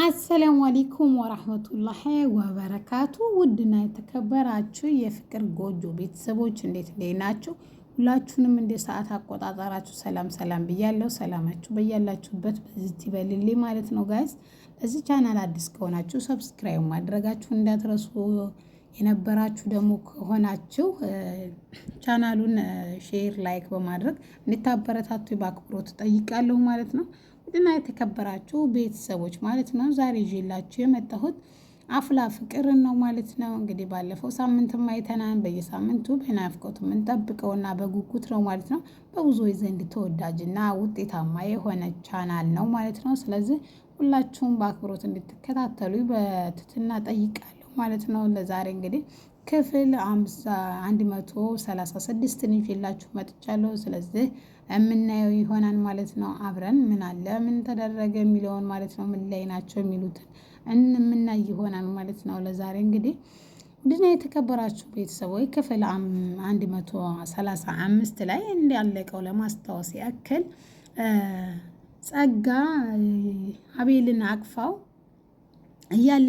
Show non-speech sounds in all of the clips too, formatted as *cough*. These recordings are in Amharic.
አሰላሙ አለይኩም ወራህመቱላሂ ወበረካቱ። ውድና የተከበራችሁ የፍቅር ጎጆ ቤተሰቦች እንዴት ላይ ናችሁ? ሁላችሁንም እንደ ሰዓት አቆጣጠራችሁ ሰላም ሰላም ብያለሁ። ሰላማችሁ በያላችሁበት በዚህ በልሌ ማለት ነው። ጋይስ ለዚህ ቻናል አዲስ ከሆናችሁ ሰብስክራይብ ማድረጋችሁ እንዳትረሱ። የነበራችሁ ደግሞ ከሆናችሁ ቻናሉን ሼር፣ ላይክ በማድረግ እንድታበረታቱ በአክብሮት እጠይቃለሁ ማለት ነው። እና የተከበራችሁ ቤተሰቦች ማለት ነው ዛሬ ይዤላችሁ የመጣሁት አፍላ ፍቅር ነው ማለት ነው። እንግዲህ ባለፈው ሳምንት አይተናን በየሳምንቱ በናፍቆት የምንጠብቀውና በጉጉት ነው ማለት ነው። በብዙዎች ዘንድ ተወዳጅና ውጤታማ የሆነ ቻናል ነው ማለት ነው። ስለዚህ ሁላችሁም በአክብሮት እንድትከታተሉ በትትና ጠይቃለሁ ማለት ነው። ለዛሬ እንግዲህ ክፍል አንድ መቶ ሰላሳ ስድስትን ይዤላችሁ መጥቻለሁ። ስለዚህ የምናየው ይሆናል ማለት ነው። አብረን ምን አለ ምን ተደረገ የሚለውን ማለት ነው። ምን ላይ ናቸው የሚሉትን እንምናይ ይሆናል ማለት ነው። ለዛሬ እንግዲህ ድና የተከበራችሁ ቤተሰቦች ክፍል አንድ መቶ ሰላሳ አምስት ላይ እንዲያለቀው ለማስታወስ ያክል ጸጋ አቤልን አቅፋው እያለ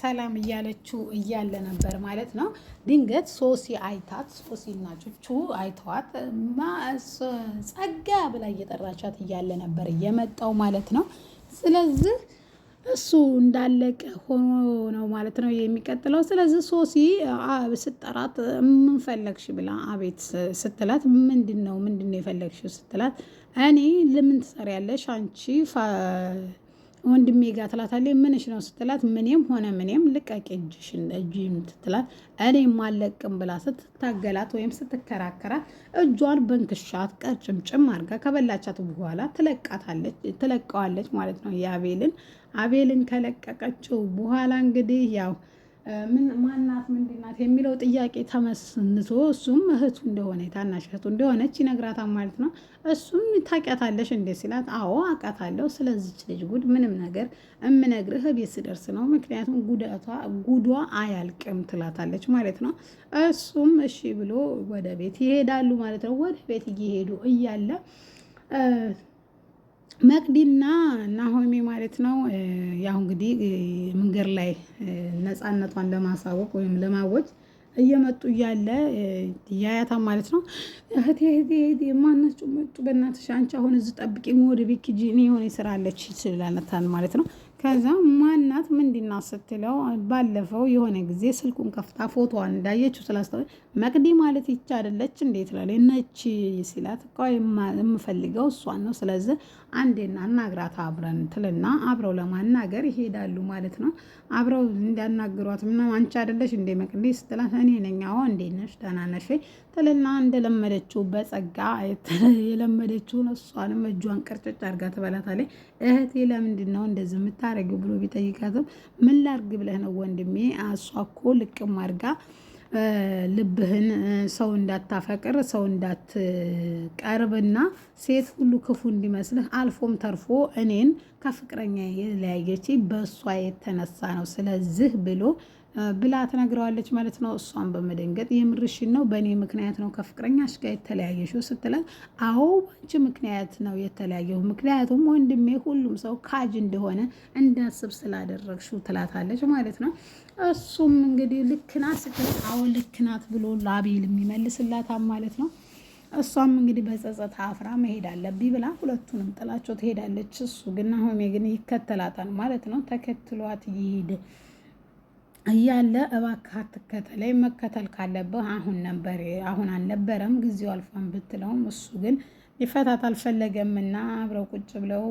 ሰላም እያለችው እያለ ነበር ማለት ነው። ድንገት ሶሲ አይታት እና ጩቹ አይተዋት ጸጋ ብላ እየጠራቻት እያለ ነበር እየመጣው ማለት ነው። ስለዚህ እሱ እንዳለቀ ሆኖ ነው ማለት ነው የሚቀጥለው። ስለዚህ ሶሲ ስጠራት ምን ፈለግሽ ብላ አቤት ስትላት ምንድን ነው ምንድን ነው የፈለግሽ ስትላት እኔ ለምን ትሰሪያለሽ አንቺ ወንድሜ ጋር ትላታለች። ምንሽ ነው ስትላት ምንም ሆነ ምንም ልቀቂ እጅሽን እጅም ስትላት እኔም አለቅም ብላ ስትታገላት ወይም ስትከራከራት እጇን በንክሻት ቀርጭምጭም አድርጋ ከበላቻት በኋላ ትለቃታለች ትለቀዋለች ማለት ነው የአቤልን አቤልን ከለቀቀችው በኋላ እንግዲህ ያው ምን ማናት ምንድናት የሚለው ጥያቄ ተመስንቶ እሱም እህቱ እንደሆነ የታናሽ እህቱ እንደሆነች ይነግራታል ማለት ነው። እሱም ታውቂያታለሽ እንዴ ሲላት፣ አዎ አውቃታለሁ፣ ስለዚች ልጅ ጉድ ምንም ነገር እምነግርህ ቤት ስደርስ ነው፣ ምክንያቱም ጉዳቷ ጉዷ አያልቅም ትላታለች ማለት ነው። እሱም እሺ ብሎ ወደ ቤት ይሄዳሉ ማለት ነው። ወደ ቤት እየሄዱ እያለ መቅዲና ናሆሜ ማለት ነው። ያው እንግዲህ መንገድ ላይ ነፃነቷን ለማሳወቅ ወይም ለማወጅ እየመጡ እያለ ያያታ ማለት ነው። እህቴ እህቴ ማናቸው መጡ፣ በእናትሽ አንቺ አሁን እዚህ ጠብቂኝ፣ ወደ ቤት ሂጂ፣ እኔ የሆነ ስራ አለች ይችላልታል ማለት ነው። ከዛ ማናት ምንድና ስትለው ባለፈው የሆነ ጊዜ ስልኩን ከፍታ ፎቶዋን እንዳየችው ስላስተው መቅዲ ማለት ይቻ አደለች እንዴት ላለ ነች ሲላት እኮ የምፈልገው እሷን ነው። ስለዚህ አንዴና እናግራት አብረን ትልና አብረው ለማናገር ይሄዳሉ ማለት ነው። አብረው እንዳናግሯት ምና አንቺ አይደለሽ እንዴ መቅዲ ስትላት እኔ ነኝ። አዎ እንዴት ነሽ? ደህና ነሽ? ትልና እንደለመደችው በጸጋ የለመደችውን እሷንም እጇን ቅርጭጭ አድርጋ ትበላታለች። እህቴ ለምንድን ነው እንደዚህ የምታረጊው ብሎ ቢጠይቃትም ምን ላርግ ብለህ ነው ወንድሜ፣ እሷ እኮ ልቅም አድርጋ ልብህን ሰው እንዳታፈቅር ሰው እንዳትቀርብና ሴት ሁሉ ክፉ እንዲመስልህ አልፎም ተርፎ እኔን ከፍቅረኛ የለያየች በእሷ የተነሳ ነው። ስለዚህ ብሎ ብላ ትነግረዋለች ማለት ነው። እሷን በመደንገጥ የምርሽን ነው በእኔ ምክንያት ነው ከፍቅረኛሽ ጋር የተለያየሽው ስትላት፣ አዎ ባንቺ ምክንያት ነው የተለያየው፣ ምክንያቱም ወንድሜ ሁሉም ሰው ካጅ እንደሆነ እንዳስብ ስላደረግሽው ትላታለች ማለት ነው። እሱም እንግዲህ ልክናት ስትል፣ አዎ ልክናት ብሎ ላቤል የሚመልስላታም ማለት ነው። እሷም እንግዲህ በጸጸት አፍራ መሄድ አለብኝ ብላ ሁለቱንም ጥላቸው ትሄዳለች። እሱ ግን ሆሜ ግን ይከተላታል ማለት ነው። ተከትሏት ይሄድ እያለ እባክህ አትከተለኝ፣ መከተል ካለብህ አሁን ነበር አሁን አልነበረም ጊዜው አልፏን ብትለውም እሱ ግን ሊፈታት አልፈለገምና አብረው ቁጭ ብለው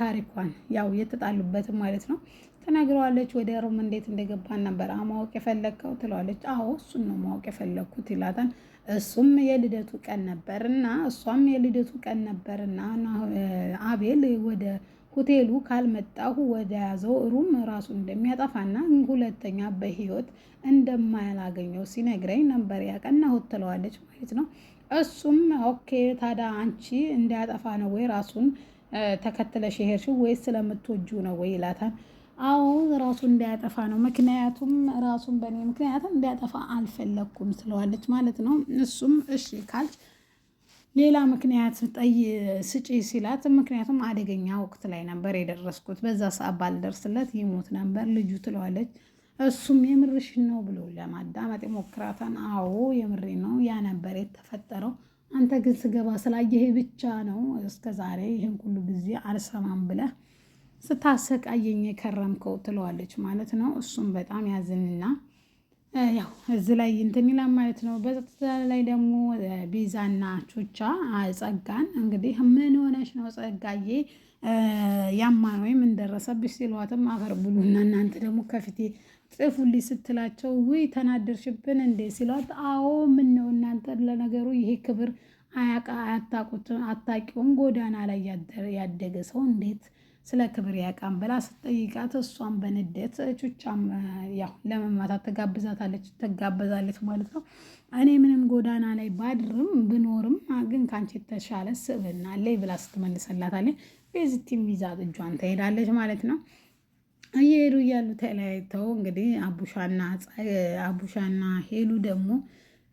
ታሪኳን ያው የተጣሉበትም ማለት ነው ተናግረዋለች። ወደ ሩም እንዴት እንደገባን ነበር ማወቅ የፈለግከው ትለዋለች። አዎ እሱን ነው ማወቅ የፈለግኩት ይላታል። እሱም የልደቱ ቀን ነበር እና እሷም የልደቱ ቀን ነበርና አቤል ወደ ሆቴሉ ካልመጣሁ ወደ ያዘው ሩም ራሱ እንደሚያጠፋና ሁለተኛ በህይወት እንደማያላገኘው ሲነግረኝ ነበር ያቀናሁት ትለዋለች ማለት ነው። እሱም ኦኬ ታዲያ አንቺ እንዳያጠፋ ነው ወይ ራሱን ተከትለሽ የሄድሽው ወይስ ስለምትወጁ ነው ወይ ይላታል። አዎ ራሱ እንዳያጠፋ ነው፣ ምክንያቱም ራሱን በእኔ ምክንያት እንዳያጠፋ አልፈለግኩም ትለዋለች ማለት ነው። እሱም እሺ ካልች ሌላ ምክንያት ጠይ ስጪ ሲላት፣ ምክንያቱም አደገኛ ወቅት ላይ ነበር የደረስኩት፣ በዛ ሰዓት ባልደርስለት ይሞት ነበር ልጁ ትለዋለች። እሱም የምርሽን ነው ብሎ ለማዳመጥ የሞክራታን። አዎ የምሬ ነው፣ ያ ነበር የተፈጠረው። አንተ ግን ስገባ ስላየህ ብቻ ነው እስከ ዛሬ ይህን ሁሉ ጊዜ አልሰማም ብለህ ስታሰቃየኝ የከረምከው ትለዋለች ማለት ነው። እሱም በጣም ያዝንና ያው እዚ ላይ እንትን ይላል ማለት ነው። በዛ ላይ ደግሞ ቤዛና ቹቻ ጸጋን እንግዲህ ምን ሆነሽ ነው ጸጋዬ ያማን ወይም እንደረሰብሽ ሲሏትም አፈር ብሉና እናንተ ደግሞ ከፊቴ ጽፉልኝ ስትላቸው ውይ ተናደርሽብን እንዴ ሲሏት፣ አዎ ምን ነው እናንተ ለነገሩ ይሄ ክብር አያቃ አያታውቁትም አታውቂውም ጎዳና ላይ ያደገ ሰው እንዴት ስለ ክብር ያውቃም ብላ ስትጠይቃት እሷን በንደት ቹቻም ያው ለመማታት ተጋብዛታለች ተጋበዛለች ማለት ነው። እኔ ምንም ጎዳና ላይ ባድርም ብኖርም ግን ከአንቺ የተሻለ ስብና አለኝ ብላ ስትመልሰላታለች። ቤዚቲም ይዛ እጇን ትሄዳለች ማለት ነው። እየሄዱ እያሉ ተለያይተው እንግዲህ አቡሻና አቡሻና ሄሉ ደግሞ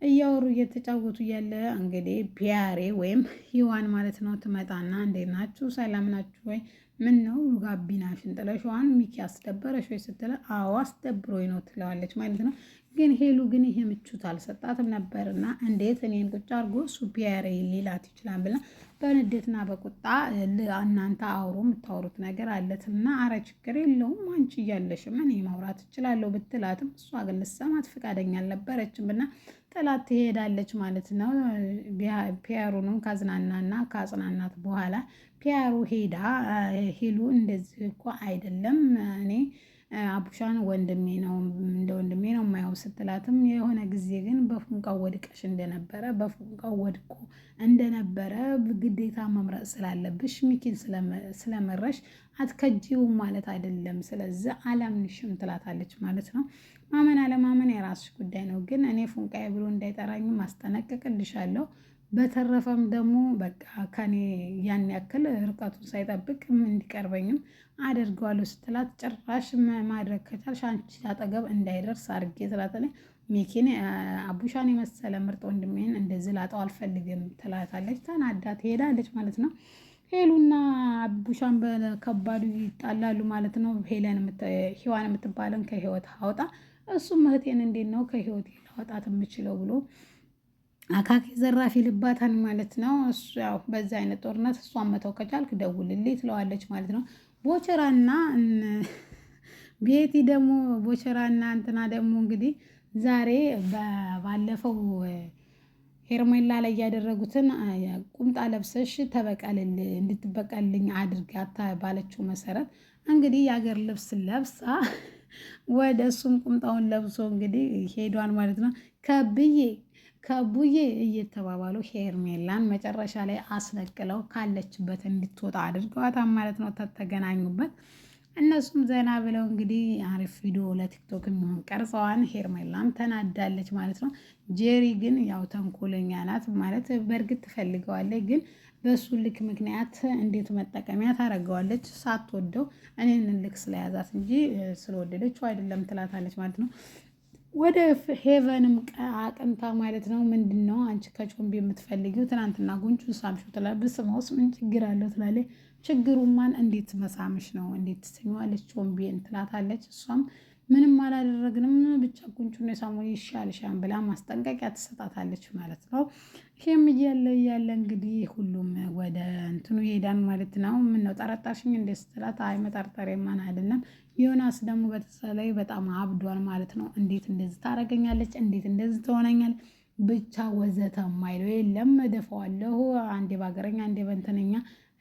እያወሩ እየተጫወቱ እያለ እንግዲህ ፒያሬ ወይም ሂዋን ማለት ነው ትመጣና እንዴት ናችሁ? ሰላም ናችሁ ወይ ምን ነው ጋቢናሽን ጥለሽዋን ሚኪ አስደበረሽ ወይ ስትለ አዎ አስደብሮኝ ነው ትለዋለች ማለት ነው። ግን ሄሉ ግን ይሄ ምቹት አልሰጣትም ነበር እና እንዴት እኔን ቁጭ አድርጎ ሱፒያር ሊላት ይችላል ብላ በንዴትና በቁጣ እናንተ አውሮ የምታወሩት ነገር አለት እና አረ ችግር የለውም አንቺ እያለሽም እኔ ማውራት እችላለሁ ብትላትም እሷ ግን ልሰማት ፈቃደኛ አልነበረችም እና ጥላት ትሄዳለች ማለት ነው። ፒያሩንም ካዝናናና ካጽናናት በኋላ ፒያሩ ሄዳ ሂሉ እንደዚህ እኮ አይደለም እኔ አቡሻን ወንድሜ ነው እንደ ወንድሜ ነው የማየው ስትላትም የሆነ ጊዜ ግን በፉንቃው ወድቀሽ እንደነበረ በፉንቃው ወድቆ እንደነበረ ግዴታ መምረጥ ስላለብሽ ሚኪን ስለመረሽ አትከጂውም ማለት አይደለም። ስለዚህ አላምንሽም ትላታለች ማለት ነው። ማመን አለማመን የራስሽ ጉዳይ ነው፣ ግን እኔ ፉንቃዬ ብሎ እንዳይጠራኝ ማስጠነቅቅልሻለሁ በተረፈም ደግሞ በቃ ከኔ ያን ያክል ርቀቱን ሳይጠብቅ እንዲቀርበኝም አደርገዋለሁ ስትላት ጭራሽ ማድረግ ከቻልሽ አንቺ አጠገብ እንዳይደርስ አድርጌ ትላታለች። ሚኪን አቡሻን የመሰለ ምርጥ ወንድሜን እንደዚህ ላጠው አልፈልግም ትላታለች። ተናዳ ትሄዳለች ማለት ነው። ሄሉና አቡሻን በከባዱ ይጣላሉ ማለት ነው። ሄለን ህዋን የምትባለን ከህይወት አውጣ፣ እሱም እህቴን እንዴት ነው ከህይወት ላወጣት የምችለው ብሎ አካኪ ዘራፊ ልባታን ማለት ነው። ያው በዛ አይነት ጦርነት እሷን መተው ከቻልክ ደውልልኝ ትለዋለች ማለት ነው። ቦቸራና ቤቲ ደግሞ ቦቸራና እንትና ደግሞ እንግዲህ ዛሬ ባለፈው ሄርሜላ ላይ ያደረጉትን ቁምጣ ለብሰሽ ተበቀልል እንድትበቀልልኝ አድርጋታ ባለችው መሰረት እንግዲህ የአገር ልብስ ለብሳ ወደ እሱም ቁምጣውን ለብሶ እንግዲህ ሄዷን ማለት ነው ከብዬ ከቡዬ እየተባባሉ ሄርሜላን መጨረሻ ላይ አስለቅለው ካለችበት እንድትወጣ አድርገዋታ ማለት ነው። ተገናኙበት እነሱም ዘና ብለው እንግዲህ አሪፍ ቪዲዮ ለቲክቶክ የሚሆን ቀርጸዋን ሄርሜላም ተናዳለች ማለት ነው። ጄሪ ግን ያው ተንኮለኛ ናት ማለት በእርግጥ ትፈልገዋለች፣ ግን በእሱ ልክ ምክንያት እንዴት መጠቀሚያ ታደርገዋለች። ሳትወደው እኔን ልክ ስለያዛት እንጂ ስለወደደችው አይደለም ትላታለች ማለት ነው። ወደ ሄቨንም አቅንታ ማለት ነው። ምንድን ነው አንቺ ከጮምቢ የምትፈልጊው? ትናንትና ጉንጩ ሳምሽው ትላለች። ብስመውስ ምን ችግር አለው ትላለች። ችግሩማን እንዴት መሳምሽ ነው እንዴት ትሰኘዋለች? ጮምቤን ትላታለች እሷም ምንም አላደረግንም ብቻ ጉንጩን የሳሙን ይሻልሻን ብላ ማስጠንቀቂያ ትሰጣታለች ማለት ነው። ይሄም እያለ እያለ እንግዲህ ሁሉም ወደ እንትኑ ይሄዳን ማለት ነው። ምነው ጠረጠርሽኝ እንደ ስትላት አይ መጠርጠር የማን አይደለም። ዮናስ ደግሞ በተለይ በጣም አብዷል ማለት ነው። እንዴት እንደዚህ ታደርገኛለች፣ እንዴት እንደዚህ ትሆነኛል ብቻ ወዘተ ማይለው የለም እደፈዋለሁ፣ አንዴ ባገረኛ፣ አንዴ በእንትነኛ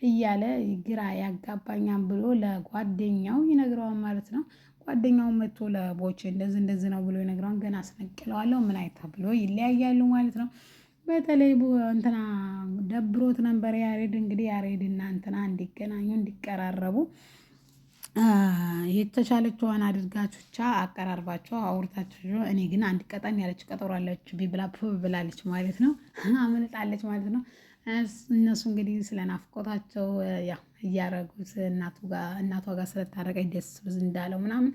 እያለ ግራ ያጋባኛም ብሎ ለጓደኛው ይነግረዋል ማለት ነው። ጓደኛውን መጥቶ ለቦቼ እንደዚህ እንደዚህ ነው ብሎ ይነግረዋን ገና አስነቅለዋለሁ ምን አይታ ብሎ ይለያያሉ ማለት ነው። በተለይ እንትና ደብሮት ነበር ያሬድ እንግዲህ ያሬድ እና እንትና እንዲገናኙ እንዲቀራረቡ የተቻለችዋን አድርጋችሁ ብቻ አቀራርባቸው አውርታችሁ እኔ ግን አንድ ቀጠን ያለች ቀጠሯለች ብላ ብላለች ማለት ነው። አመልጣለች ማለት ነው። እነሱ እንግዲህ ስለ ናፍቆታቸው ያው እያረጉት እናቷ ጋር ስለታረቀኝ ደስ ብዝ እንዳለው ምናምን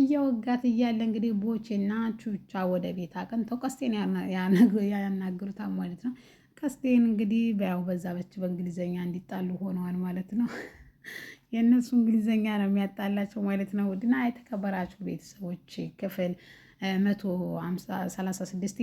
እያወጋት እያለ እንግዲህ ቦቼና ቹቻ ወደ ቤት አቅንተው ቀስቴን ያናግሩታል ማለት ነው። ቀስቴን እንግዲህ ያው በዛ በች በእንግሊዝኛ እንዲጣሉ ሆነዋል ማለት ነው። *laughs* የእነሱ እንግሊዝኛ ነው የሚያጣላቸው ማለት ነው። ውድና የተከበራችሁ ቤተሰቦች ክፍል መቶ ሰላሳ ስድስት